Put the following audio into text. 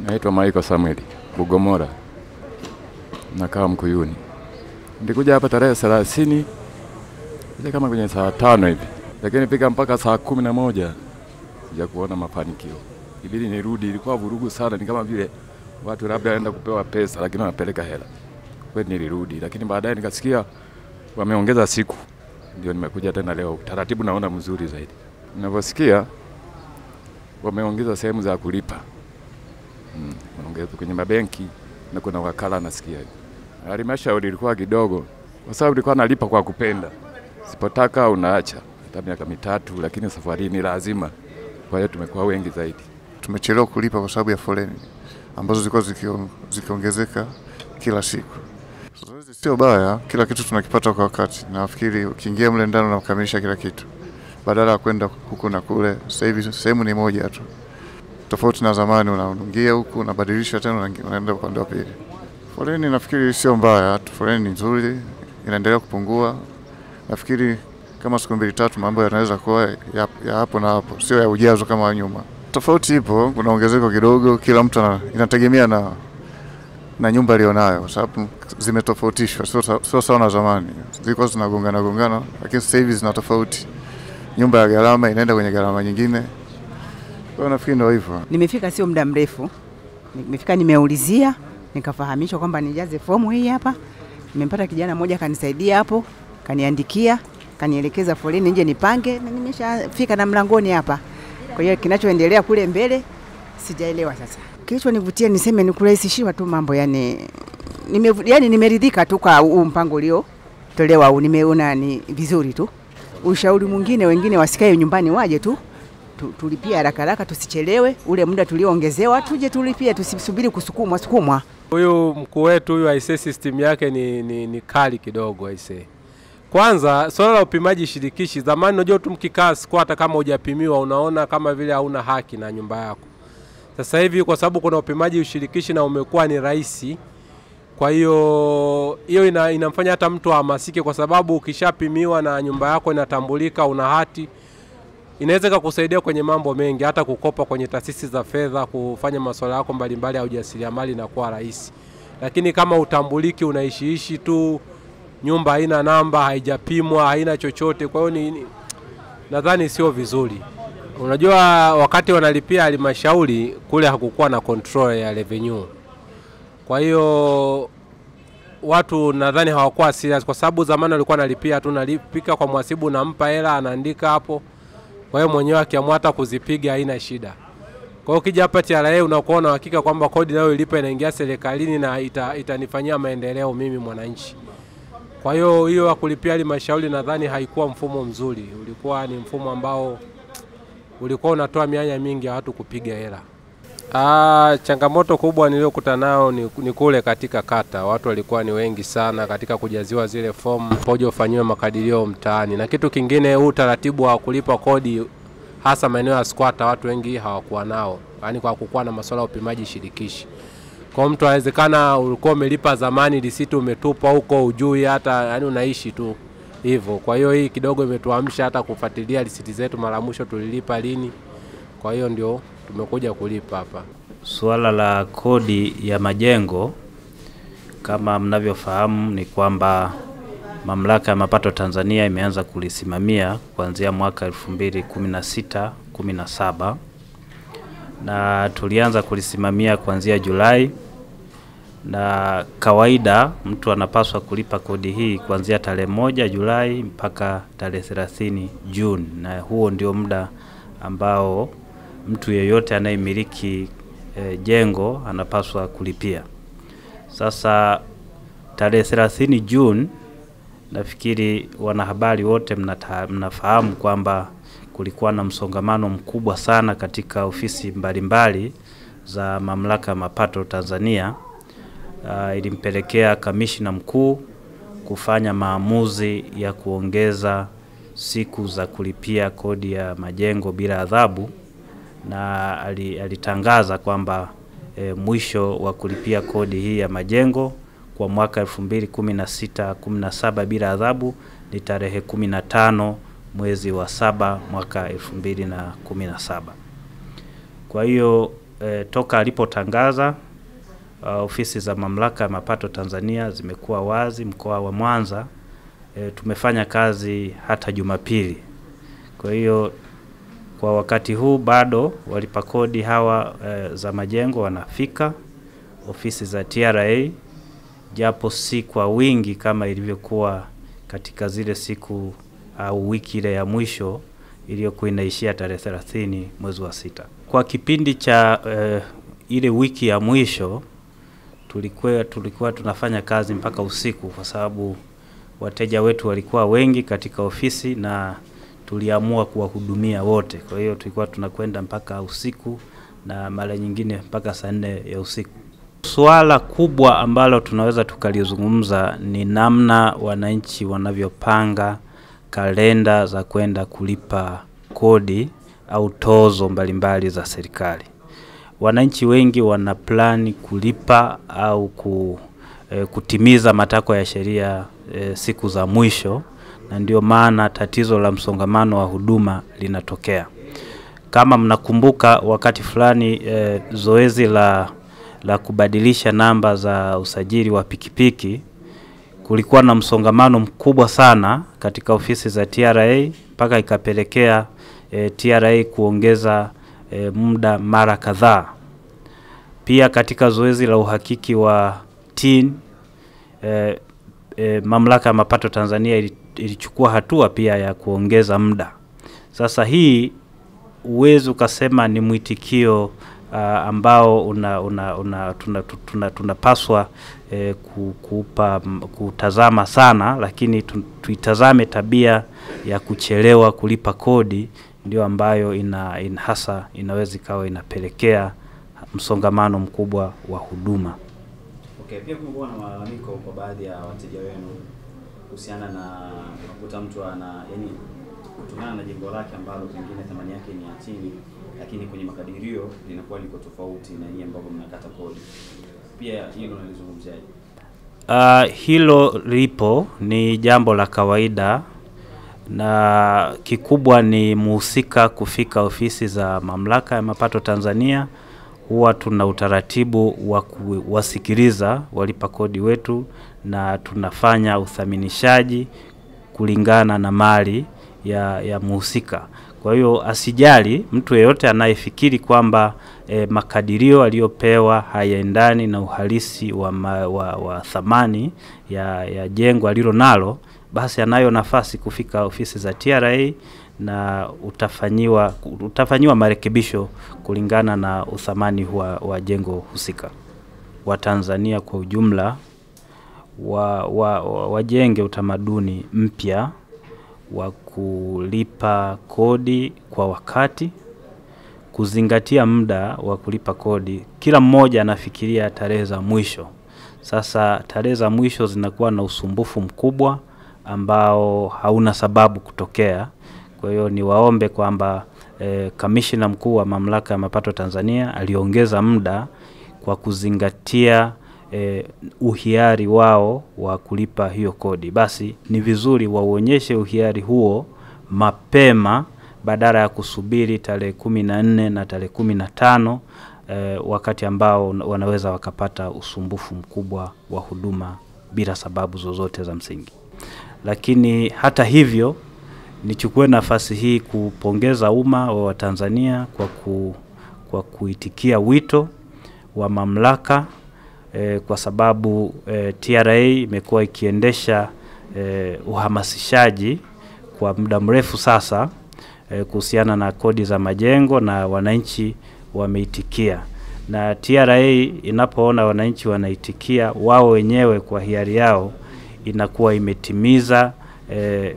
Naitwa Maiko Samuel Bugomora, nakaa Mkuyuni. Nilikuja hapa tarehe thelathini ile kama kwenye saa tano hivi, lakini pika mpaka saa kumi na moja ya kuona mafanikio. Ibidi nirudi, ilikuwa vurugu sana, ni kama vile watu labda wanaenda kupewa pesa, lakini wanapeleka hela. Kweli nilirudi, lakini baadaye nikasikia wameongeza siku, ndio nimekuja tena leo. Taratibu naona mzuri zaidi, ninavyosikia wameongeza sehemu za kulipa kwenye mabenki na kuna wakala nasikia Halmashauri ilikuwa kidogo, kwa sababu ilikuwa nalipa kwa kupenda, sipotaka unaacha hata miaka mitatu, lakini safari ni lazima. Kwa hiyo tumekuwa wengi zaidi. Tumechelewa kulipa kwa sababu ya foleni ambazo zilikuwa zikiongezeka kila siku. Zoezi sio baya, kila kitu tunakipata kwa wakati. Nafikiri ukiingia mle ndani unakamilisha kila kitu badala ya kwenda huku na kule. Sasa hivi sehemu ni moja tu tofauti na zamani, unaingia huku unabadilisha tena unaenda upande wa pili. Foleni nafikiri sio mbaya, foleni ni nzuri, inaendelea kupungua. Nafikiri kama siku mbili tatu mambo yanaweza kuwa ya, ya hapo na hapo, sio ya ujazo kama nyuma. Tofauti ipo, kuna ongezeko kidogo, kila mtu inategemea na na nyumba alionayo, kwa sababu zimetofautishwa, sio sawa na zamani. Zilikuwa zinagongana gongana, lakini sasa hivi zina tofauti. Nyumba ya gharama inaenda kwenye gharama nyingine. Kwa nafikiri ndio hivyo. Nimefika sio muda mrefu, nimefika nimeulizia, nikafahamishwa kwamba nijaze fomu hii hapa. Nimempata kijana mmoja kanisaidia hapo, kaniandikia, kanielekeza foleni nje nipange, na nimeshafika na mlangoni hapa. Kwa hiyo kinachoendelea kule mbele sijaelewa sasa. Kilichonivutia niseme ni kurahisishiwa tu mambo, yani nime, yani nimeridhika tu kwa huu mpango tolewa huu, nimeona ni vizuri tu. Ushauri mwingine, wengine wasikae nyumbani, waje tu tu, tulipie haraka haraka, tusichelewe ule muda tulioongezewa, tuje tulipie, tusisubiri kusukumwa sukumwa. Huyu mkuu wetu huyu aisee, system yake ni, ni, ni kali kidogo aisee. Kwanza swala la upimaji shirikishi, zamani unajua tu mkikaa siku hata kama hujapimiwa unaona kama vile hauna haki na nyumba yako. Sasa hivi kwa sababu kuna upimaji ushirikishi na umekuwa ni rahisi, kwa hiyo hiyo ina, inamfanya hata mtu ahamasike, kwa sababu ukishapimiwa na nyumba yako inatambulika, una hati, inaweza ikakusaidia kwenye mambo mengi, hata kukopa kwenye taasisi za fedha, kufanya masuala yako mbalimbali ya ujasiriamali na kuwa rahisi. Lakini kama utambuliki, unaishiishi tu, nyumba haina namba, haijapimwa, haina chochote, kwa hiyo ni, ni nadhani sio vizuri. Unajua, wakati wanalipia halmashauri kule hakukuwa na control ya revenue, kwa hiyo watu nadhani hawakuwa serious, kwa sababu zamani walikuwa analipia tu, nalipika kwa mwasibu, nampa hela, anaandika hapo kwa hiyo mwenyewe akiamua hata kuzipiga haina shida. Kwa hiyo ukija hapa TRA unakuwa na hakika kwamba kodi nayo ilipa inaingia serikalini na ita, itanifanyia maendeleo mimi mwananchi. Kwa hiyo hiyo ya kulipia halmashauri nadhani haikuwa mfumo mzuri, ulikuwa ni mfumo ambao ulikuwa unatoa mianya mingi ya watu kupiga hela. Ah, changamoto kubwa niliyokuta nao ni, ni kule katika kata, watu walikuwa ni wengi sana katika kujaziwa zile fomu, poja ufanyiwe makadirio mtaani, na kitu kingine, huu utaratibu wa kulipa kodi hasa maeneo ya squatter watu wengi hawakuwa nao, yaani kwa kukuwa na masuala ya upimaji shirikishi. Kwa mtu awezekana ulikuwa umelipa zamani risiti umetupa huko ujui hata yani unaishi tu hivyo. Kwa hiyo hii kidogo imetuamsha hata kufuatilia risiti zetu mara mwisho tulilipa lini. Kwa hiyo ndio tumekuja kulipa hapa. Suala la kodi ya majengo kama mnavyofahamu ni kwamba Mamlaka ya Mapato Tanzania imeanza kulisimamia kuanzia mwaka 2016 17 na tulianza kulisimamia kuanzia Julai, na kawaida mtu anapaswa kulipa kodi hii kuanzia tarehe moja Julai mpaka tarehe 30 Juni, na huo ndio muda ambao mtu yeyote anayemiliki e, jengo anapaswa kulipia. Sasa tarehe 30 Juni, nafikiri wanahabari wote mnata, mnafahamu kwamba kulikuwa na msongamano mkubwa sana katika ofisi mbalimbali mbali za mamlaka ya mapato Tanzania. Uh, ilimpelekea kamishina mkuu kufanya maamuzi ya kuongeza siku za kulipia kodi ya majengo bila adhabu na alitangaza kwamba e, mwisho wa kulipia kodi hii ya majengo kwa mwaka 2016-17 bila adhabu ni tarehe 15 mwezi wa saba mwaka 2017. Kwa hiyo e, toka alipotangaza uh, ofisi za mamlaka ya mapato Tanzania zimekuwa wazi mkoa wa Mwanza. E, tumefanya kazi hata Jumapili. Kwa hiyo kwa wakati huu bado walipa kodi hawa e, za majengo wanafika ofisi za TRA japo si kwa wingi kama ilivyokuwa katika zile siku au wiki ile ya mwisho iliyokuwa inaishia tarehe 30 mwezi wa sita. Kwa kipindi cha e, ile wiki ya mwisho tulikuwa, tulikuwa tunafanya kazi mpaka usiku kwa sababu wateja wetu walikuwa wengi katika ofisi na tuliamua kuwahudumia wote. Kwa hiyo tulikuwa tunakwenda mpaka usiku na mara nyingine mpaka saa nne ya usiku. Suala kubwa ambalo tunaweza tukalizungumza ni namna wananchi wanavyopanga kalenda za kwenda kulipa kodi au tozo mbalimbali za serikali. Wananchi wengi wana plani kulipa au ku, eh, kutimiza matakwa ya sheria eh, siku za mwisho na ndio maana tatizo la msongamano wa huduma linatokea. Kama mnakumbuka wakati fulani e, zoezi la, la kubadilisha namba za usajili wa pikipiki kulikuwa na msongamano mkubwa sana katika ofisi za TRA mpaka ikapelekea e, eh, TRA kuongeza e, muda mara kadhaa. Pia katika zoezi la uhakiki wa TIN e, e, mamlaka ya mapato Tanzania ilichukua hatua pia ya kuongeza muda. Sasa hii huwezi ukasema ni mwitikio uh, ambao una, una, una, tuna, tuna, tunapaswa eh, kuupa mm, kutazama sana, lakini tu, tuitazame tabia ya kuchelewa kulipa kodi ndio ambayo ina, ina hasa inaweza ikawa inapelekea msongamano mkubwa wa huduma. Okay, pia kumekuwa na malalamiko kwa baadhi ya wateja wenu kuhusiana na unakuta mtu ana yani kutokana na jengo lake ambalo pengine thamani yake ni ya chini, lakini kwenye makadirio linakuwa liko tofauti na hii ambavyo mnakata kodi. Pia hilo nalizungumziaje? Uh, ah, hilo lipo, ni jambo la kawaida na kikubwa ni muhusika kufika ofisi za mamlaka ya mapato Tanzania huwa tuna utaratibu wa kuwasikiliza walipa kodi wetu na tunafanya uthaminishaji kulingana na mali ya, ya mhusika. Kwa hiyo asijali mtu yeyote anayefikiri kwamba e, makadirio aliyopewa hayaendani na uhalisi wa, ma, wa, wa thamani ya, ya jengo alilo nalo, basi anayo nafasi kufika ofisi za TRA na utafanyiwa, utafanyiwa marekebisho kulingana na uthamani wa, wa jengo husika. Watanzania kwa ujumla wa, wa, wa, wajenge utamaduni mpya wa kulipa kodi kwa wakati, kuzingatia muda wa kulipa kodi. Kila mmoja anafikiria tarehe za mwisho. Sasa tarehe za mwisho zinakuwa na usumbufu mkubwa ambao hauna sababu kutokea. Kwa hiyo niwaombe kwamba e, eh, kamishina mkuu wa mamlaka ya mapato Tanzania aliongeza muda kwa kuzingatia e, uhiari wao wa kulipa hiyo kodi, basi ni vizuri wauonyeshe uhiari huo mapema badala ya kusubiri tarehe kumi na nne na tarehe kumi na tano e, wakati ambao wanaweza wakapata usumbufu mkubwa wa huduma bila sababu zozote za msingi. Lakini hata hivyo Nichukue nafasi hii kupongeza umma wa Watanzania kwa, ku, kwa kuitikia wito wa mamlaka eh, kwa sababu eh, TRA imekuwa ikiendesha eh, uhamasishaji kwa muda mrefu sasa eh, kuhusiana na kodi za majengo na wananchi wameitikia na TRA inapoona wananchi wanaitikia wao wenyewe kwa hiari yao, inakuwa imetimiza eh,